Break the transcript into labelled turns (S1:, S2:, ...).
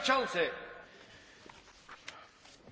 S1: przewodniczący!